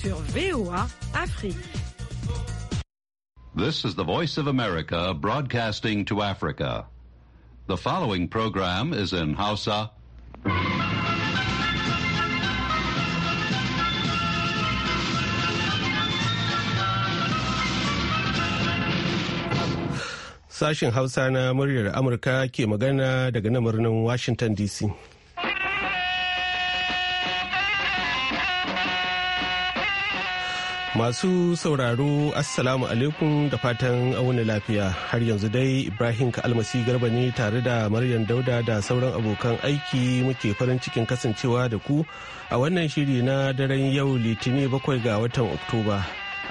sur VOA Afrique. This is the Voice of America broadcasting to Africa. The following program is in Hausa. Sashen Hausa na muryar Amurka ke magana daga nan Washington DC. Masu sauraro Assalamu alaikum da fatan auni lafiya har yanzu dai Ibrahim Almasi Garba ne tare da Maryam Dauda da sauran abokan aiki muke farin cikin kasancewa da ku a wannan shiri na daren yau litini bakwai ga watan Oktoba.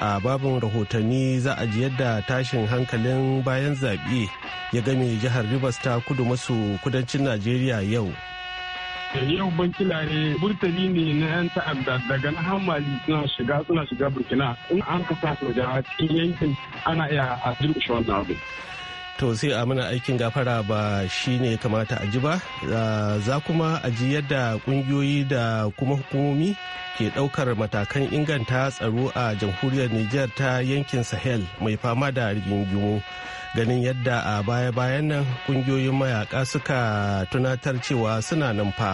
A babin rahotanni za a ji yadda tashin hankalin bayan zaɓe ya game jihar Ribas ta kudu maso kudancin Najeriya yau. yau bankila ne burtali ne na yan ta'adda daga na hamali suna shiga suna shiga burkina in an kasa soja cikin yankin ana iya a jirgin wannan abu to sai a mana aikin gafara ba shi ne kamata a ji ba za kuma a ji yadda kungiyoyi da kuma hukumomi ke ɗaukar matakan inganta tsaro a jamhuriyar niger ta yankin sahel mai fama da rigingimu ganin yadda a baya-bayan nan kungiyoyin mayaka suka tunatar cewa suna numfa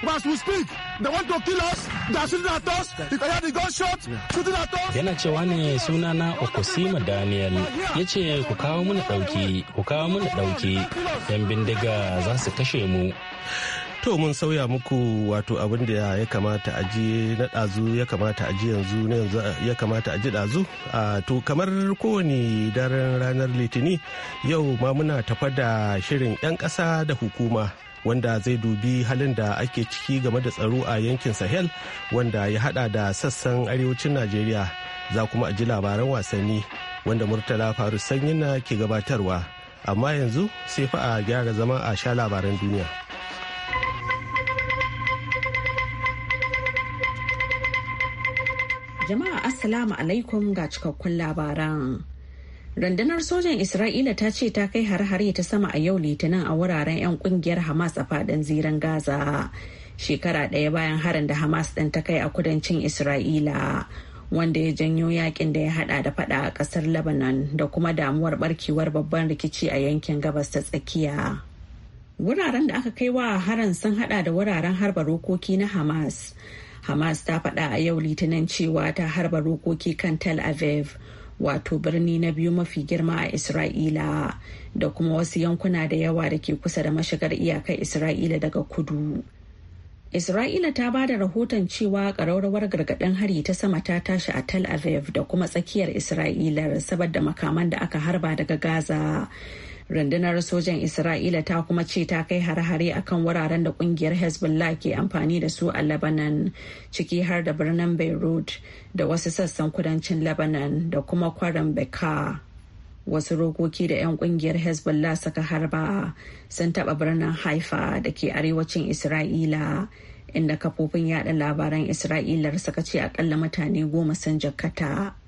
But as we speak, they want to kill us, they are shooting at us, you can hear the gunshot, shooting at us. Yana cewa ne sunana Okosima Daniel, ya ce ku kawo mana ɗauki, ku kawo mana ɗauki, yan bindiga za su kashe mu. To mun sauya muku wato abin da ya kamata a ji na ɗazu ya kamata a ji yanzu na yanzu ya kamata a ji ɗazu. To kamar kowane daren ranar litini yau ma muna tafa da shirin 'yan ƙasa da hukuma wanda zai dubi halin da ake ciki game da tsaro a yankin sahel wanda ya hada da sassan arewacin najeriya za kuma a ji labaran wasanni wanda murtala faru sanyin na ke gabatarwa amma yanzu sai fa a gyara zama a sha labaran duniya jama'a assalamu alaikum ga cikakkun labaran Rundunar sojan Isra'ila ta ce ta kai har hare ta sama a yau litinin a wuraren 'yan kungiyar Hamas a faɗin ziran Gaza. Shekara ɗaya bayan harin da Hamas ɗin ta kai a kudancin Isra'ila. wanda ya janyo yakin da ya hada da fada a ƙasar lebanon da kuma damuwar barkewar babban rikici a yankin gabas ta tsakiya wuraren da aka kai wa harin sun hada da wuraren harba rokoki na hamas hamas ta fada a yau litinin cewa ta harba rokoki kan tel aviv wato birni na biyu mafi girma a isra'ila da kuma wasu yankuna da yawa da ke kusa da mashigar iyakar isra'ila daga kudu isra'ila ta ba da rahoton cewa ƙararrawar gargaɗin hari ta sama ta tashi a tel aviv da kuma tsakiyar isra'ila saboda makaman da aka harba daga gaza rundunar sojan isra'ila ta kuma ce ta kai hare-hare akan wuraren da kungiyar hezbollah ke amfani da su a lebanon ciki har da birnin beirut da wasu sassan kudancin lebanon da kuma kwarin beka wasu rokoki da 'yan kungiyar hezbollah suka harba sun taba birnin haifa da ke arewacin isra'ila inda kafofin yada labaran isra'ilar suka ce akalla mutane goma sun jakkata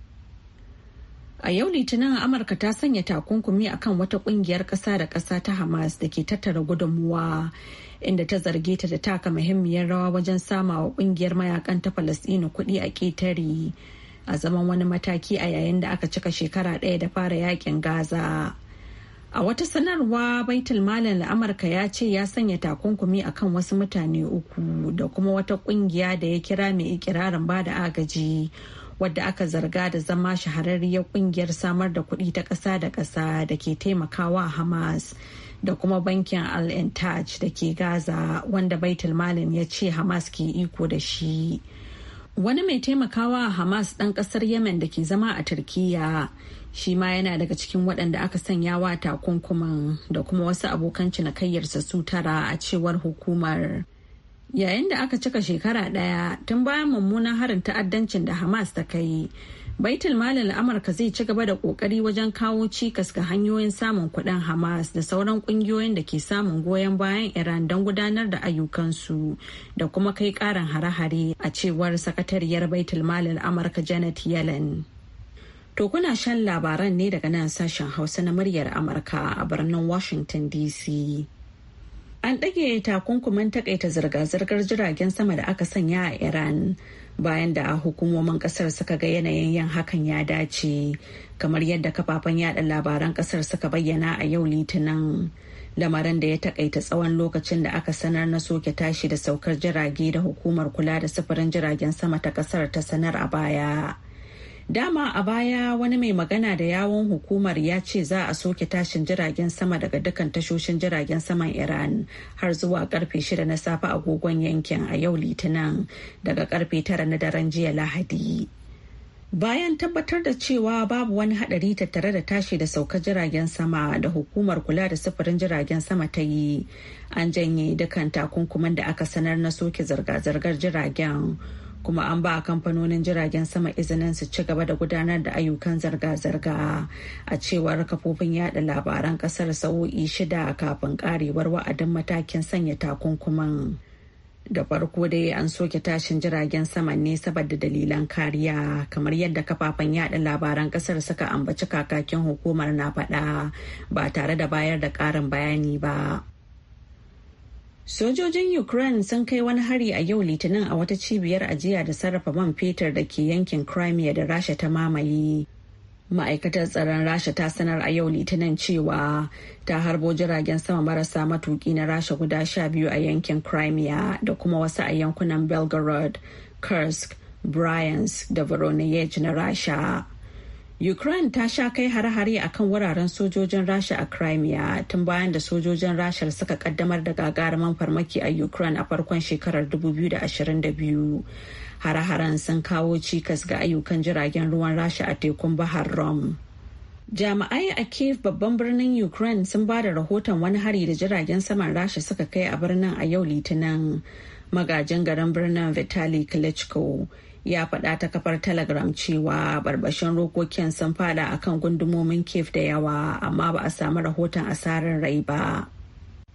A yau Litinin Amurka ta sanya takunkumi a kan wata kungiyar ƙasa da ƙasa ta Hamas da ke tattara gudunmuwa inda ta zarge ta da taka muhimmiyar rawa wajen sama wa kungiyar mayakan ta Falasɗinu kuɗi a ƙetare a zaman wani mataki a yayin da aka cika shekara ɗaya da fara yakin Gaza. A wata sanarwa baitul malam Amurka ya ce ya sanya takunkumi akan wasu mutane uku da kuma wata kungiya da ya kira mai ikirarin bada agaji. wadda aka zarga da zama shahararriyar kungiyar samar da kuɗi ta ƙasa da ƙasa da ke taimakawa hamas da kuma bankin al da ke gaza wanda baitul malam ya ce hamas ke iko da shi wani mai taimakawa hamas ɗan ƙasar yemen da ke zama a Turkiyya shi ma yana daga cikin waɗanda aka sanya wa takunkuman da kuma wasu abokan cinikayyarsa su tara a cewar hukumar yayin da aka cika shekara ɗaya tun bayan mummunan harin ta'addancin da hamas ta kai baitul malin amurka zai ci gaba da kokari wajen kawo cikas ga hanyoyin samun kuɗin hamas da sauran ƙungiyoyin da ke samun goyon bayan iran don gudanar da ayyukansu da kuma kai ƙarin hare-hare a cewar sakatariyar baitul malin amurka janet yellen to kuna shan labaran ne daga nan sashen hausa na muryar amurka a birnin washington dc An ɗage takunkumin takaita zirga-zirgar jiragen sama da aka sanya a Iran bayan da a hukumomin kasar suka ga yanayin yin hakan ya dace kamar yadda kafafen yada labaran kasar suka bayyana a yau litinin lamarin da ya takaita tsawon lokacin da aka sanar na soke tashi da saukar jirage da hukumar kula da sufurin jiragen sama ta kasar ta sanar a baya. Dama a baya wani mai magana da yawon hukumar ya ce za a soke tashin jiragen sama daga dukkan tashoshin jiragen saman Iran har zuwa karfe shida na safe agogon yankin a yau Litinin daga karfe tara na daren jiya Lahadi. Bayan tabbatar da cewa babu wani hadari tattare da tashi da sauka jiragen sama da hukumar kula da sufurin jiragen sama ta yi, an janye dukkan takunkuman da aka sanar na soke zirga-zirgar jiragen. kuma an ba kamfanonin jiragen sama izinin su ci gaba da gudanar da ayyukan zirga-zirga a cewar kafofin yada labaran kasar sau'i shida kafin karewar wa'adin matakin sanya takunkuman da farko dai an soke tashin jiragen sama ne saboda dalilan kariya kamar yadda kafafen yada labaran kasar suka ambaci kakakin hukumar na faɗa ba tare da bayar da ƙarin bayani ba Sojojin Ukraine sun kai wani hari a yau Litinin a wata cibiyar ajiya da sarrafa man fetur da ke yankin Crimea da Rasha ta mamaye. Ma'aikatar tsaron Rasha ta sanar a yau Litinin cewa ta harbo jiragen sama marasa matuki na Rasha guda sha biyu a yankin Crimea da kuma wasu a yankunan Belgorod, Kursk, Bryansk da Voronezh na Rasha. Ukraine ta sha kai hare-hare a kan wuraren sojojin Rasha a Crimea tun bayan da sojojin Rasha suka kaddamar da gagaraman farmaki a Ukraine a farkon shekarar 2022. Hare-haren sun kawo cikas ga ayyukan jiragen ruwan Rasha a tekun Bahar Rom. Jami'ai a Kiev babban birnin Ukraine sun ba da rahoton wani hari da jiragen saman Rasha suka kai a birnin a yau Litinin. Magajin garin birnin Vitali Klitschko ya faɗa ta kafar telegram cewa barbashin rokokin sun fada kan gundumomin kef da yawa amma ba a samu rahoton asarar rai ba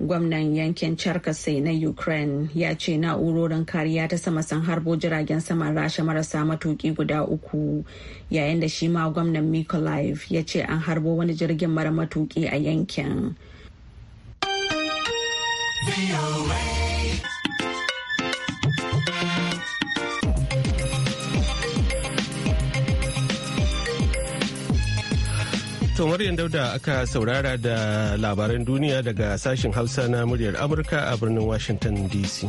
gwamnan yankin charkasai na ukraine ya ce na'urorin kariya ta sama sun harbo jiragen saman rasha marasa matuƙi guda uku yayin da shi ma gwamnan mikolaif ya ce an harbo wani jirgin mara matuƙi a yankin. To Maryam Dauda aka saurara da labaran duniya daga sashen Hausa na muryar Amurka a birnin Washington DC.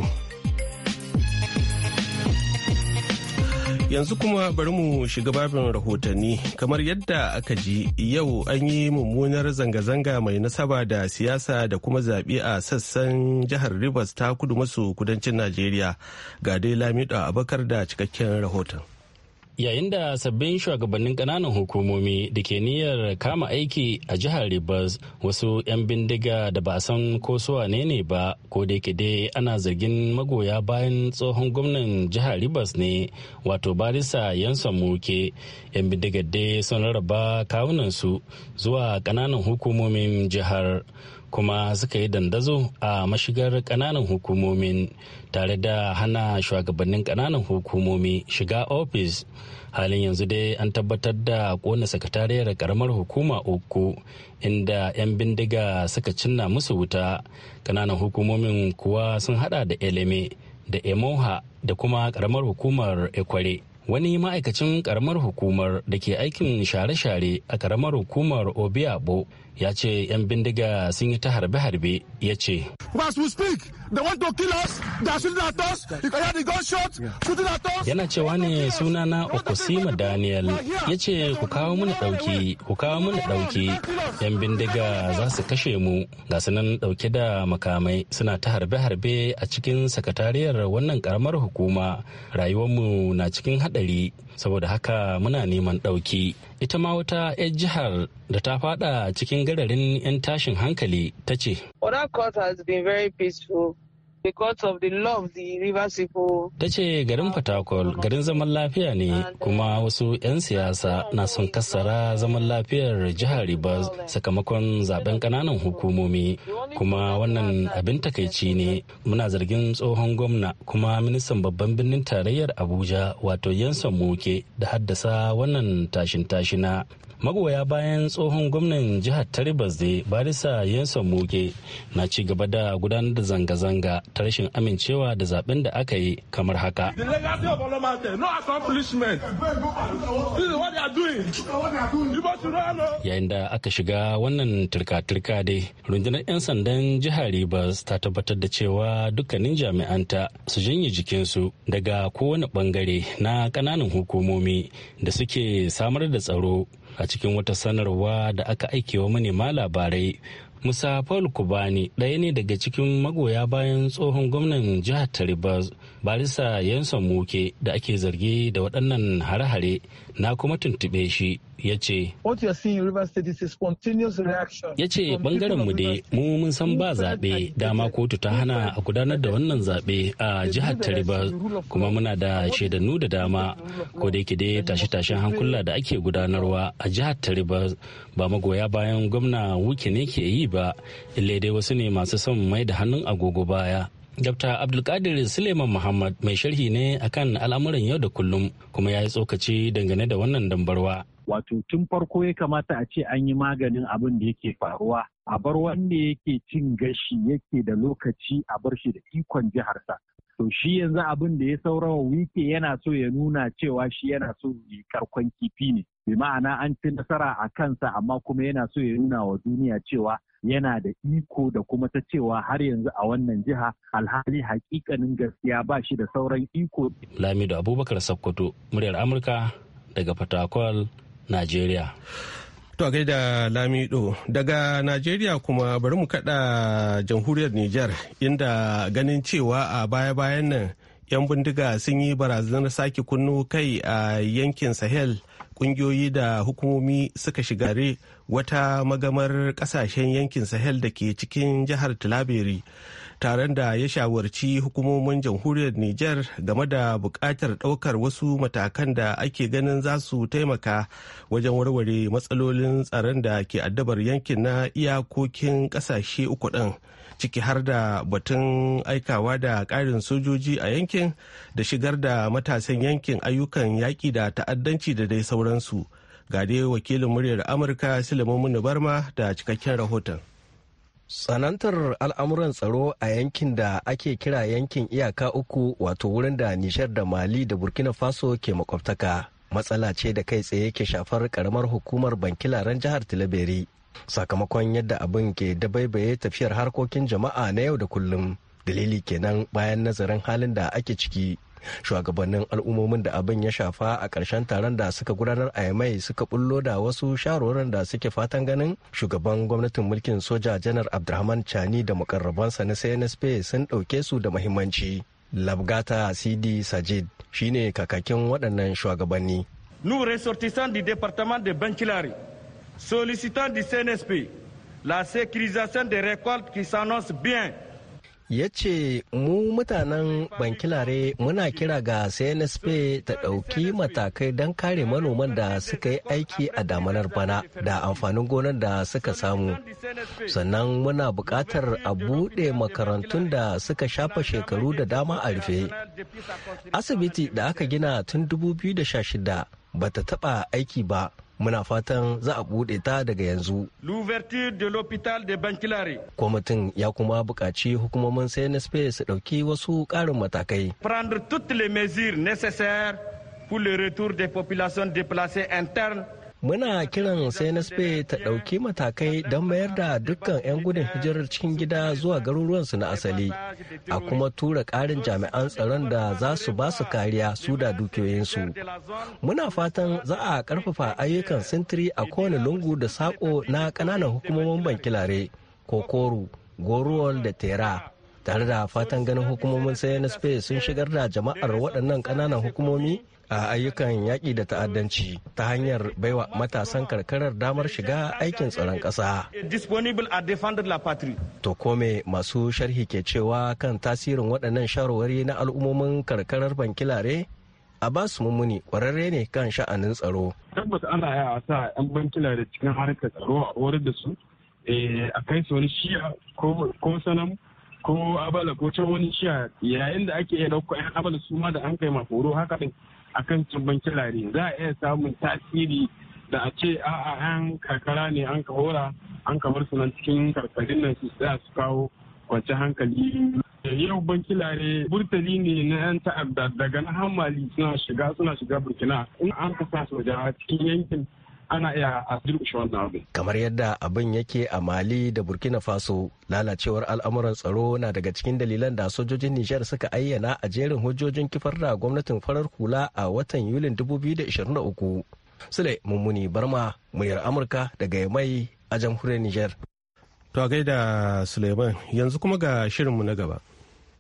Yanzu kuma bari mu shiga babin rahotanni kamar yadda aka ji yau an yi mummunar zanga-zanga mai nasaba da siyasa da kuma zaɓe a sassan jihar Rivers ta kudu maso kudancin Najeriya ga dai Lamido Abakar da cikakken rahoton. yayin da sabbin shugabannin kananan hukumomi da ke niyyar kama aiki a jihar ribas wasu 'yan bindiga da ba san ko su ne ne ba ko da yake dai ana zargin magoya bayan tsohon gwamnan jihar ribas ne wato barisa yansan muke 'yan bindigar dai sun rarraba kawunansu zuwa kananan hukumomin jihar kuma suka yi dandazo a mashigar kananan hukumomi tare da hana shugabannin kananan hukumomi shiga ofis halin yanzu dai an tabbatar da kona sakatariyar karamar hukuma uku inda 'yan bindiga suka cinna musu wuta kananan hukumomin kuwa sun hada da eleme da emoha da kuma karamar hukumar ekware wani ma'aikacin karamar hukumar da ke aikin share-share a karamar hukumar obiabo ya ce 'yan bindiga sun yi ta harbe-harbe ya ce yana cewa ne sunana okusima daniel ya ce ku kawo mana ɗauki ku kawo mana ɗauki 'yan bindiga za su kashe mu ga sunan dauke da makamai suna ta harbe-harbe a cikin sakatariyar wannan karamar hukuma rayuwarmu na cikin haɗari saboda haka muna neman ɗauki ita ma wata 'yar jihar da ta fada cikin gararin 'yan tashin hankali ta ce. has been very peaceful. because of the love the rivers Ta ce garin Fatakwal garin zaman lafiya ne kuma wasu 'yan siyasa na son kasara zaman lafiyar jihar Rivers sakamakon zaben kananan hukumomi kuma wannan abin takaici ne muna zargin tsohon gwamna kuma ministan babban birnin tarayyar Abuja wato Yansan muke da haddasa wannan tashin tashina magoya bayan tsohon gwamnan jihar taribas da barisa yanson moge na ci gaba da gudanar da zanga-zanga ta rashin amincewa da zaben da aka yi kamar haka yayin da aka shiga wannan turka-turka dai rundunar 'yan sandan jihar ribas ta tabbatar da cewa dukkanin jami'anta su janye jikinsu daga kowane bangare na kananan hukumomi da suke samar da tsaro a cikin wata sanarwa da aka aike wa manema labarai musa paul kubani ɗaya ne daga cikin magoya bayan tsohon gwamnan jihar taribas barisa yanson muke da ake zargi da waɗannan hare-hare na kuma tuntuɓe shi ya ce ya ce bangaren mu dai mu mun san ba zaɓe dama kotu ta hana a gudanar da wannan zaɓe a jihar tariba kuma muna da shaidannu da dama ko da yake dai tashe-tashen hankula da ake gudanarwa a jihar tariba ba magoya bayan gwamna wuke ne ke yi ba ille dai wasu ne masu son mai da hannun agogo baya Dr. Abdulkadir Suleiman Muhammad mai sharhi ne akan al'amuran yau da kullum kuma ya yi tsokaci dangane da wannan dambarwa. wato tun farko ya kamata a ce an yi maganin abin da yake faruwa a bar wanda yake cin gashi yake da lokaci a bar shi da ikon jiharsa to shi yanzu abin da ya saurawa wike yana so ya nuna cewa shi yana so yi karkon kifi ne bi ma'ana an ci nasara a kansa amma kuma yana so ya nuna wa duniya cewa yana da iko da kuma ta cewa har yanzu a wannan jiha alhali hakikanin gaskiya ba shi da sauran iko. Lamido Abubakar Sokoto, muryar Amurka daga Fatakwal, najeriya To gaida Lamido daga Najeriya kuma bari mu kada jamhuriyar Nijar inda ganin cewa a baya-bayan nan 'yan bindiga sun yi barazanar sake kunnu kai a yankin Sahel kungiyoyi da hukumomi suka shigare wata magamar kasashen yankin Sahel da ke cikin jihar Tilaberi. taron da ya shawarci hukumomin jamhuriyar Nijar game da bukatar ɗaukar wasu matakan da ake ganin za su taimaka wajen warware matsalolin tsaron da ke addabar yankin na iyakokin ƙasashe uku ɗin ciki har da batun aikawa da ƙarin sojoji a yankin da shigar da matasan yankin ayyukan yaƙi da ta'addanci da dai sauransu. Ga dai wakilin muryar Amurka Sulaiman Barma da cikakken rahoton. Tsanantar al'amuran tsaro a yankin da ake kira yankin iyaka uku wato wurin da Nishar da Mali da Burkina Faso ke makwabtaka. Matsala ce da kai tsaye ke shafar karamar hukumar bankilaren jihar Tilaberi. Sakamakon yadda abin ke dabaibaye tafiyar harkokin jama'a na yau da kullum. Dalili kenan bayan nazarin halin da ake ciki shugabannin al'ummomin da abin ya shafa a ƙarshen taron da suka gudanar a yamai suka bullo da wasu sharorin da suke fatan ganin shugaban gwamnatin mulkin soja janar abdulrahman chani da mukarrabansa na cnsp sun ɗauke su da muhimmanci labgata sidi sajid shine kakakin waɗannan shugabanni nous ressortissant du département de Benchilari, sollicitant du CNSP la sécurisation des récoltes qui s'annonce bien ya ce mu mutanen bankilare muna kira ga cnsp ta ɗauki matakai don kare manoman da suka yi aiki a damanar bana da amfanin gonar da suka samu sannan muna buƙatar a buɗe makarantun da suka shafa shekaru da dama a rufe asibiti da aka gina tun 2016 bata taɓa aiki ba muna fatan za a bude ta daga yanzu. L'ouverture de l'hôpital de Bankilare. Kwamitin ya kuma buƙaci hukumomin CNSP su ɗauki wasu ƙarin matakai. Prendre toutes les mesures nécessaires pour le retour des populations déplacées internes muna kiran cnsp ta ɗauki matakai don mayar da dukkan 'yan gudun hijirar cikin gida zuwa garuruwansu na asali a kuma tura ƙarin jami'an tsaron da za su ba su kariya su da dukiyoyinsu muna fatan za a ƙarfafa ayyukan sintiri a kowane lungu da saƙo na ƙananan hukumomin bankilare kokoru goruwal da tera tare da fatan ganin hukumomin cnsp sun shigar da jama'ar waɗannan ƙananan hukumomi a ayyukan yaƙi da ta'addanci ta hanyar baiwa matasan karkarar damar shiga aikin tsaron ƙasa. To kome masu sharhi ke cewa kan tasirin waɗannan sharwari na al'ummomin karkarar bankilare? Abbas Mummuni kwararre ne kan sha'anin tsaro. Tabbas ana ya sa 'yan da cikin harkar tsaro a horar da su eh, a kai su wani shiya ko sanam ko abala ko can wani shiya yayin da ake iya ɗauko 'yan abala su ma da an kai ma horo haka ne akan banki lare za a iya samun tasiri da a ce a an karkara ne an ka hora an kamar su cikin karkarin nan su za su kawo kwanci hankali yau bankilare burtali ne na yan ta'adda daga na hamali suna shiga suna shiga burkina in an kasa soja cikin yankin ana iya a durkushe wannan abin. Kamar yadda abin yake a Mali da Burkina Faso, lalacewar al'amuran tsaro na daga cikin dalilan da sojojin Nijar suka ayyana a jerin hujjojin kifar da gwamnatin farar kula a watan Yulin 2023. Sule Mummuni Barma, muryar Amurka daga mai a jamhuriyar Nijar. To gaida Suleiman, yanzu kuma ga shirinmu na gaba.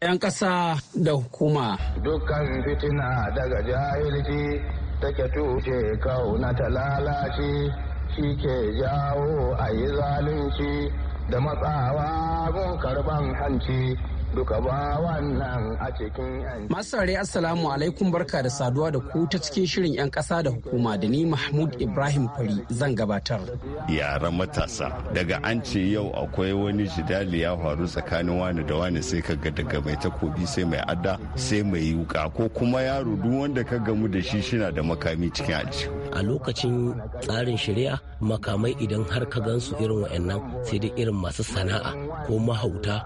'yan ƙasa da hukuma. Dukkan fitina daga jahilci take tuce kauna ta lalace shi ke jawo a yi zalunci da matsawa gun karban hanci. duka ba wannan a cikin masu saurari assalamu alaikum barka da saduwa da ku ta cikin shirin 'yan ƙasa da hukuma da ni mahmud ibrahim fari zan gabatar yaran matasa daga an ce yau akwai wani jidali ya faru tsakanin wani da wani sai ka ga daga mai takobi sai mai adda sai mai yuka ko kuma yaro duk wanda ka gamu da shi shina da makami cikin aljihu a lokacin tsarin shari'a makamai idan har ka gansu irin wa'annan sai dai irin masu sana'a ko mahauta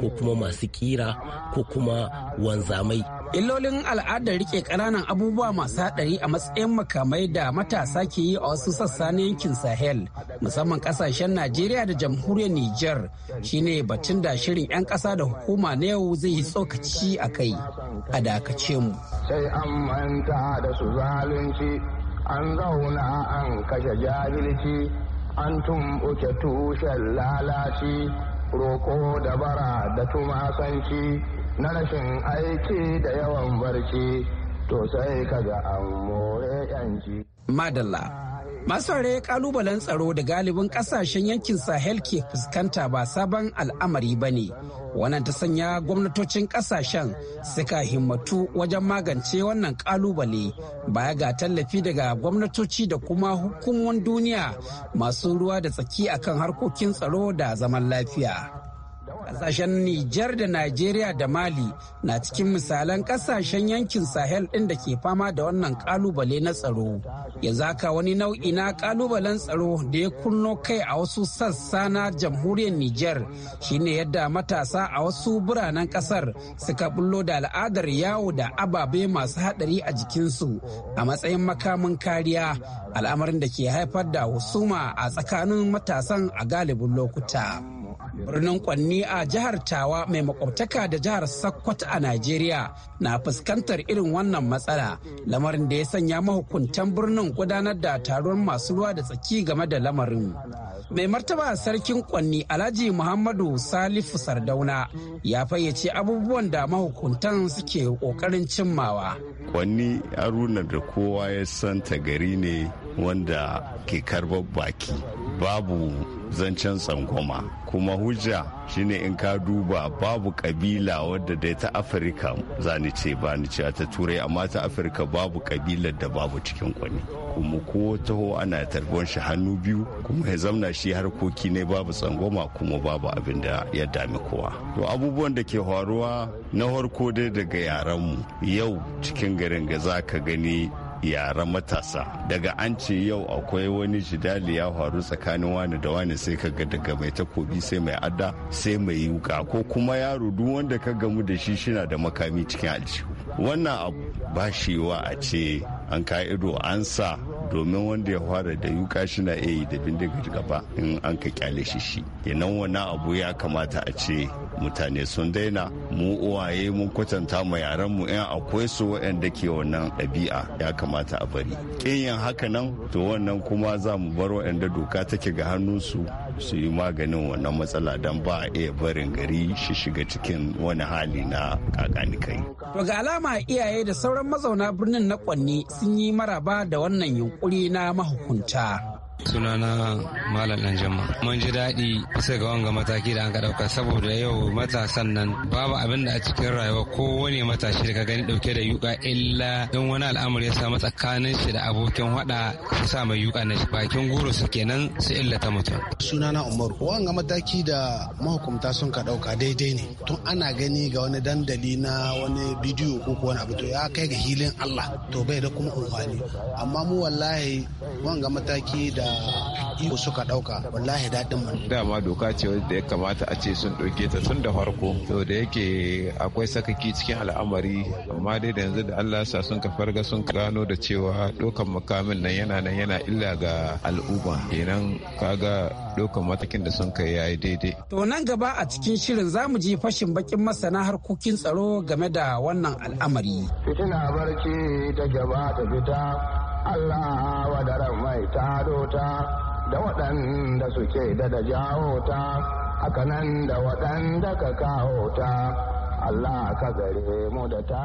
ko kuma masu kira ko kuma wanzamai illolin al'adar rike ƙananan abubuwa masu haɗari a matsayin makamai da matasa ke yi a wasu sassa na yankin sahel musamman ƙasashen najeriya da jamhuriyar niger shine batun da shirin 'yan ƙasa da hukuma na yau zai yi tsokaci a kai a dakace mu sai an manta da su zalunci an zauna an kashe jahilci an tumɓuke tushen lalaci roko da bara da tumasanci na rashin aiki da yawan barci to sai kaga an more yanci madalla Masu rare kalubalen tsaro da galibin kasashen yankin Sahel ke fuskanta ba sabon al'amari ba ne. Wannan ta sanya gwamnatocin kasashen suka himmatu wajen magance wannan kalubale baya ga tallafi daga gwamnatoci da kuma hukumomin duniya masu ruwa da tsaki akan harkokin tsaro da zaman lafiya. Ƙasashen Nijar da Najeriya da Mali na cikin misalan ƙasashen yankin Sahel ɗin da ke fama da wannan ƙalubale na tsaro. ya zaka wani nau'i na ƙalubalen tsaro da ya kunno kai a wasu sassa na jamhuriyar Nijar shine yadda matasa a wasu biranen ƙasar suka bullo da al'adar yawo da ababe masu haɗari a jikinsu a matsayin makamin kariya al'amarin da ke haifar da husuma a tsakanin matasan a galibin lokuta. birnin kwanni a jihar tawa mai makwabtaka da jihar sakkwato a najeriya na fuskantar irin wannan matsala lamarin da ya sanya mahukuntan birnin gudanar da taron masu ruwa da tsaki game da lamarin mai martaba sarkin kwanni alhaji muhammadu salifu sardauna ya fayyace abubuwan da mahukuntan suke kokarin cimmawa kwanni aruna da kowa ya santa gari ne wanda ke karbar baki babu zancen tsangoma kuma hujja shine in ka duba babu kabila wadda dai ta afirka ni ce ba ni ce ta turai amma ta afirka babu kabila da babu cikin kwani kuma ko taho ana tarbon shi hannu biyu kuma ya zamna shi harkoki ne babu tsangoma kuma babu abin da ya dami kowa to abubuwan da ke faruwa na harko dai daga yaranmu yau cikin garin ga za ka gani yaran matasa daga an ce yau akwai wani jidali ya faru tsakanin wani da wani sai ka ga daga mai takobi sai mai adda sai mai yuka ko kuma yaro duk wanda ka gamu da shi shina da makami cikin aljihu wannan abu ba shi wa a ce an ka ido an sa domin wanda ya fara da yuka shi na iya yi da bindiga gaba in an ka kyale shi shi kenan wani abu ya kamata a ce mutane sun daina mu uwaye mun kwatanta ma yaran mu in akwai su wa'anda ke wannan ɗabi'a ya kamata a bari kin yin haka nan to wannan kuma za mu bar waɗanda doka take ga hannun su su yi maganin wannan matsala don ba a iya barin gari shi shiga cikin wani hali na kakanikai. To ga alama iyaye da sauran mazauna birnin na kwanne sun yi maraba da wannan yunkuri na mahukunta. sunana malam dan jama mun ji daɗi bisa ga wanga mataki da an ka ɗauka saboda yau matasan nan babu abin da a cikin rayuwa ko wani matashi da ka gani ɗauke da yuka illa don wani al'amari ya samu tsakanin shi da abokin hada su sa mai yuka na shi bakin goro su kenan su illata mutum sunana umaru wanga mataki da mahukumta sun ka ɗauka daidai ne tun ana gani ga wani dandali na wani bidiyo ko wani abu to ya kai ga hilin Allah to bai da kuma umfani amma mu wallahi wanga mataki da iko suka dauka wallahi daɗin mu. Dama doka ce wadda ya kamata a ce sun ɗauke ta tun da farko. To da yake akwai sakaki cikin al'amari amma dai da yanzu da Allah sa sun ka farga sun gano da cewa ɗaukan makamin nan yana nan yana illa ga al'umma. Kenan kaga ɗaukan matakin da sun kai yayi daidai. To nan gaba a cikin shirin zamu ji fashin bakin masana harkokin tsaro game da wannan al'amari. Fitina barci ta gaba ta fita Allah daren mai taro ta da waɗanda suke da da jawo ta hakanan da waɗanda ka kawo ta Allah ka gare mu da ta.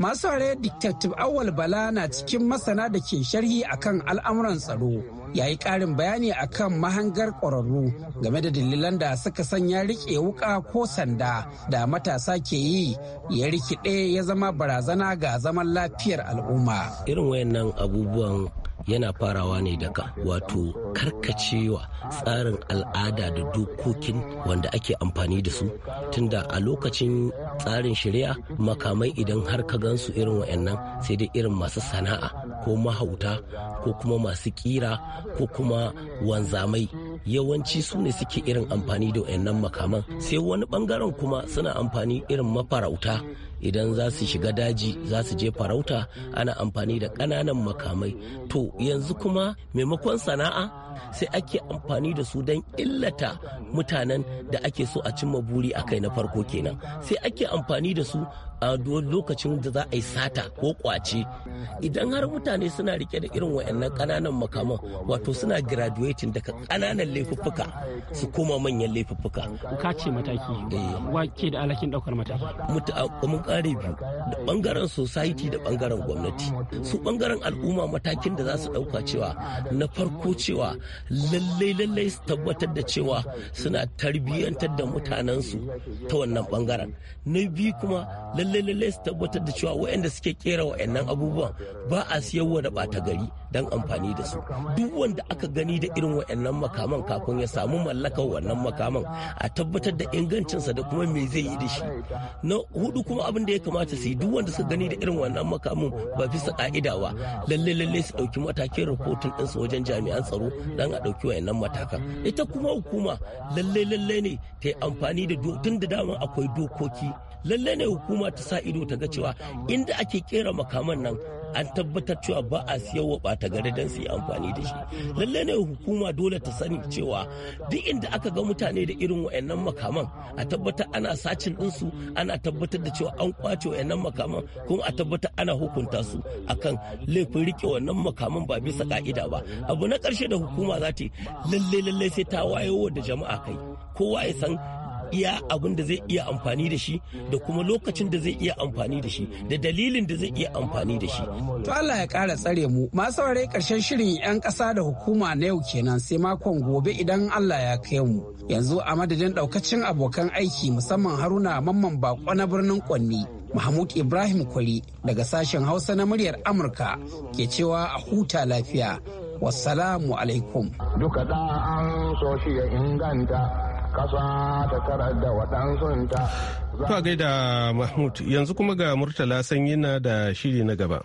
Masu Detective Awal Bala na cikin masana da ke sharhi akan al'amuran tsaro. Ya yi ƙarin bayani akan mahangar ƙwararru game da dalilan da suka sanya rike wuƙa ko sanda da matasa ke yi ya rikiɗe ya zama barazana ga zaman lafiyar al'umma. Irin wayannan abubuwan yana farawa ne daga wato karkacewa tsarin al'ada da dokokin wanda ake amfani da su tunda a lokacin tsarin shari'a makamai idan har ka gansu irin wa'annan sai dai irin masu sana'a ko mahauta ko kuma masu kira ko kuma wanzamai yawanci su ne suke irin amfani da wa'annan makaman sai wani bangaren kuma suna amfani irin mafarauta idan za su shiga daji za su je farauta ana amfani da ƙananan makamai to yanzu kuma maimakon sana'a sai ake amfani da su don illata mutanen da ake so a cimma buri a kai na farko kenan sai ake amfani da su a lokacin da za a yi sata ko kwace idan har mutane suna rike da irin wayannan ƙananan makaman wato suna graduating daga ƙananan laifuffuka su koma manyan laifuffuka ka ce mataki eh. wa ke da alhakin daukar mataki kare biyu da bangaren society da bangaren gwamnati su bangaren al'umma matakin da za su dauka cewa na farko cewa lallai lallai su tabbatar da cewa suna tarbiyyantar da mutanensu ta wannan bangaren na biyu kuma lallai lallai su tabbatar da cewa waɗanda suke kera waɗannan abubuwan ba a siyarwa da ɓata gari don amfani da su duk wanda aka gani da irin waɗannan makaman kafin ya samu mallakar wannan makaman a tabbatar da ingancinsa da kuma me zai yi da shi na hudu kuma abin da ya kamata su yi duk wanda suka gani da irin wannan makamin ba bisa ka'ida ba lalle lalle su dauki matakin rahoton din su wajen jami'an tsaro dan a dauki wayannan matakan ita kuma hukuma lalle lalle ne ta yi amfani da tun da dama akwai dokoki lalle ne hukuma ta sa ido ta ga cewa inda ake kera makaman nan an tabbatar cewa ba a wa bata gari don su yi amfani da shi lallai ne hukuma dole ta sani cewa duk inda aka ga mutane da irin wayannan makaman a tabbatar ana sacin ɗinsu ana tabbatar da cewa an kwace wayannan makaman kuma a tabbatar ana hukunta su akan laifin rike wannan makaman ba bisa ka'ida ba abu na ƙarshe da hukuma za ta yi lallai lallai sai ta wayo da jama'a kai kowa ya san iya abin da zai iya amfani da shi da kuma lokacin da zai iya amfani da shi da dalilin da zai iya amfani da shi. To Allah ya ƙara tsare mu. Masu saurare ƙarshen shirin 'yan ƙasa da hukuma na yau kenan sai makon gobe idan Allah ya kai mu. Yanzu a madadin ɗaukacin abokan aiki musamman Haruna Mamman Bako na birnin Kwanni. Mahmud Ibrahim Kwari daga sashen Hausa na muryar Amurka ke cewa a huta lafiya. Wassalamu alaikum. Duka da an so shi ya inganta kasa ta tarar da waɗansunta. To gaida Mahmud yanzu kuma ga Murtala sanyi na da shiri na gaba.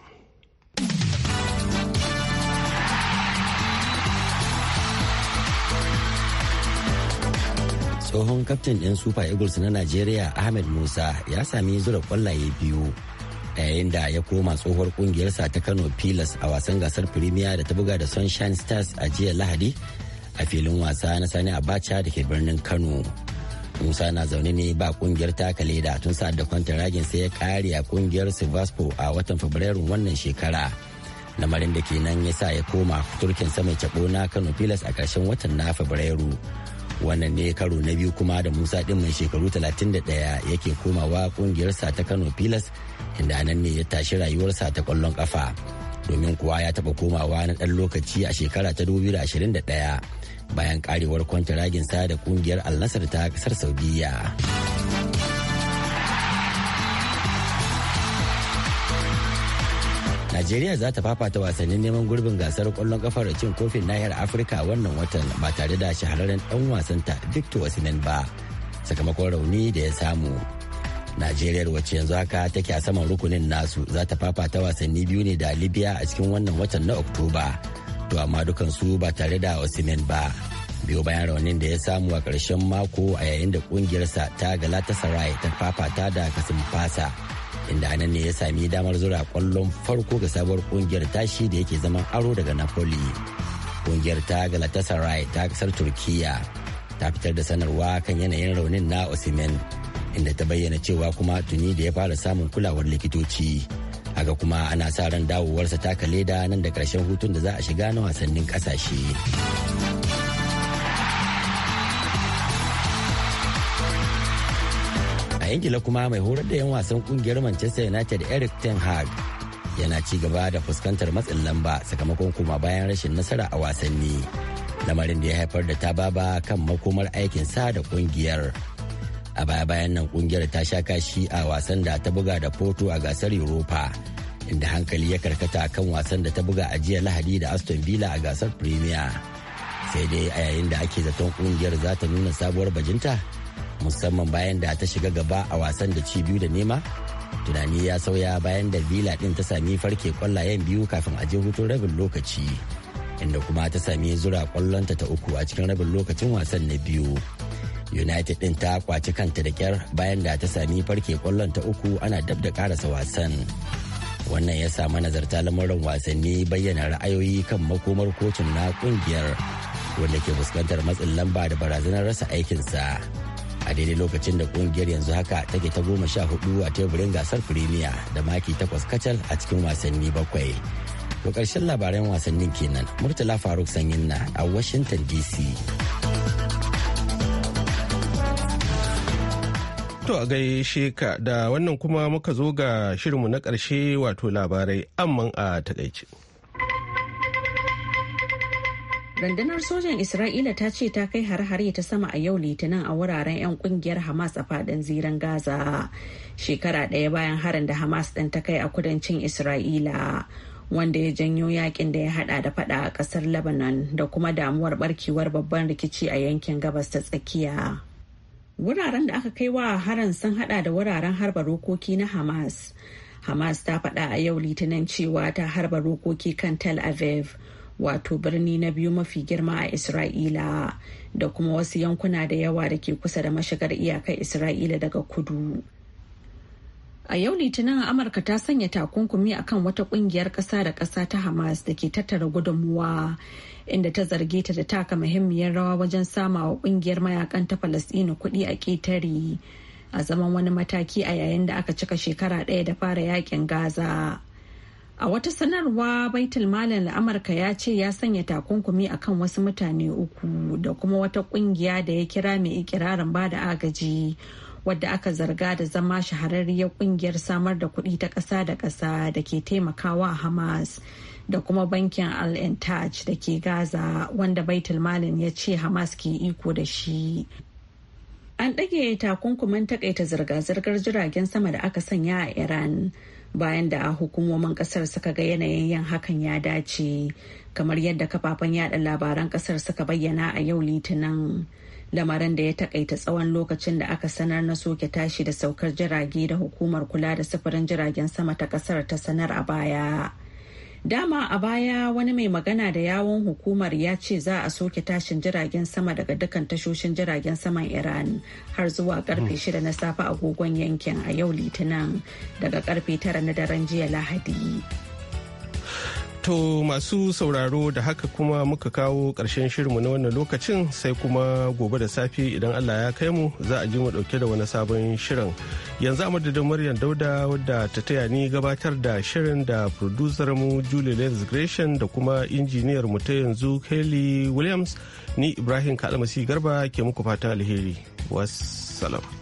tsohon kaftin ɗin super eagles na najeriya ahmed musa ya sami zura kwallaye biyu yayin da ya koma tsohuwar kungiyarsa ta kano pilas a wasan gasar premier da ta buga da sunshine stars a jiya lahadi a filin wasa na sani abacha da ke birnin kano musa na zaune ne ba kungiyar taka leda tun sa da ragin sai ya kare a kungiyar sivaspo a watan fabrairun wannan shekara lamarin da ke nan ya sa ya koma turkin sama cabo na kano pilas a karshen watan na fabrairu wannan ne karo na biyu kuma da musa din mai shekaru 31 yake komawa kungiyarsa ta kano pilas inda nan ne ya tashi rayuwarsa ta kwallon kafa domin kuwa ya taɓa komawa na ɗan lokaci a shekara ta 2021 bayan karewar kwantaraginsa da kungiyar alnasar ta kasar saudiya. Najeriya za ta fafata wasannin neman gurbin gasar kwallon kafar cin kofin nahiyar Afirka wannan watan ba tare da shahararren ɗan wasanta Victor Osimhen ba sakamakon rauni da ya samu. Najeriya wacce yanzu haka take a saman rukunin nasu za ta fafata wasanni biyu ne da Libya a cikin wannan watan na Oktoba. To amma dukansu ba tare da Osimhen ba. Biyo bayan raunin da ya samu a karshen mako a yayin da ƙungiyarsa ta Galatasaray ta fafata da Kasim Fasa. Inda anan ne ya sami damar zura kwallon farko ga sabuwar ƙungiyar tashi da yake zaman aro daga Napoli. Ƙungiyar ta Galatasaray ta kasar Turkiya ta fitar da sanarwa kan yanayin raunin na Osimhen. inda ta bayyana cewa kuma tuni da ya fara samun kulawar likitoci haka kuma ana sa ran dawowarsa taka leda nan da karshen hutun da za a shiga na wasannin kasashe a ingila kuma mai horar da 'yan wasan kungiyar manchester united eric ten hag yana ci gaba da fuskantar matsin lamba sakamakon kuma bayan rashin nasara a wasanni lamarin da ya haifar da tababa kan makomar aikinsa da kungiyar. a baya-bayan nan kungiyar ta sha kashi a wasan da ta buga da porto a gasar europa inda hankali ya karkata kan wasan da ta buga a jiya lahadi da aston villa a gasar premier sai dai a yayin da ake zaton kungiyar za ta nuna sabuwar bajinta musamman bayan da ta shiga gaba a wasan da ci biyu da nema tunani ya sauya bayan da villa din ta sami farke kwallayen biyu kafin a je hutun rabin lokaci inda kuma ta sami zura kwallonta ta uku a cikin rabin lokacin wasan na biyu united din ta kwaci kanta da kyar bayan da ta sami farke kwallon ta uku ana dab da karasa wasan wannan ya sa manazarta lamarin wasanni bayyana ra'ayoyi kan makomar kocin na kungiyar wanda ke fuskantar matsin lamba da barazanar rasa aikinsa a daidai lokacin da kungiyar yanzu haka take ta goma sha hudu a teburin gasar firimiya da maki takwas kacal a cikin wasanni bakwai to ƙarshen labaran wasannin kenan murtala faruk sanyin na a washington dc To a gaishe ka da wannan kuma muka zo ga shirinmu na ƙarshe wato labarai amman a takaice. Rundunar sojan Isra'ila ta ce ta kai har-hare ta sama a yau litinin a wuraren 'yan kungiyar Hamas a fadin ziran Gaza. Shekara ɗaya bayan harin da Hamas ɗin ta kai a kudancin Isra'ila. wanda ya janyo yakin da ya hada da fada a kasar Lebanon da kuma damuwar barkewar babban rikici a yankin gabas ta tsakiya. Wuraren da aka kai wa harin sun hada da wuraren harba rokoki na Hamas. Hamas ta faɗa a yau litinin cewa ta harba rokoki kan Tel Aviv, wato birni na biyu mafi girma a Isra'ila, da kuma wasu yankuna da yawa da ke kusa da mashigar iyakar Isra'ila daga kudu. A yau Litinin Amurka ta sanya takunkumi akan wata kungiyar ƙasa da ƙasa ta Hamas da ke tattara gudunmuwa inda ta zarge ta da taka muhimmiyar rawa wajen samawa kungiyar mayakan ta Falasɗinu kuɗi a ƙetare a zaman wani mataki a yayin da aka cika shekara ɗaya da fara yakin Gaza. A wata sanarwa baitul malin Amurka ya ce ya sanya takunkumi akan wasu mutane uku da kuma wata kungiya da ya kira mai ikirarin bada agaji wadda aka zarga da zama shahararriyar kungiyar samar da kuɗi ta ƙasa da ƙasa da ke taimakawa hamas da kuma bankin al-intaj da ke gaza wanda baitul malin ya ce hamas ke iko da shi an ɗage takunkumin takaita zirga-zirgar jiragen sama da aka sanya a iran bayan da a hukumomin kasar suka ga yanayin yin hakan ya dace kamar yadda kafafen yada labaran kasar suka bayyana a yau litinin lamarin da ya takaita tsawon lokacin da aka sanar na soke tashi da saukar jirage da hukumar kula da sufurin jiragen sama ta kasar ta sanar a baya dama a baya wani mai magana da yawon hukumar ya ce za a soke tashin jiragen sama daga dukkan tashoshin jiragen saman iran har zuwa karfe 6 na safe agogon yankin a yau litinin daga karfe 9 na daren jiya lahadi To masu sauraro da haka kuma muka kawo ƙarshen shirinmu na wannan lokacin sai kuma gobe da safe idan Allah ya kai mu za a ji mu ɗauke da wani sabon shirin. Yanzu a madadin Maryam Dauda wadda ta taya ni gabatar da shirin da producer mu Julie Lenz Gresham da kuma injiniyar mu ta yanzu Kelly Williams ni Ibrahim Kalmasi Garba ke muku fata alheri. Wassalam.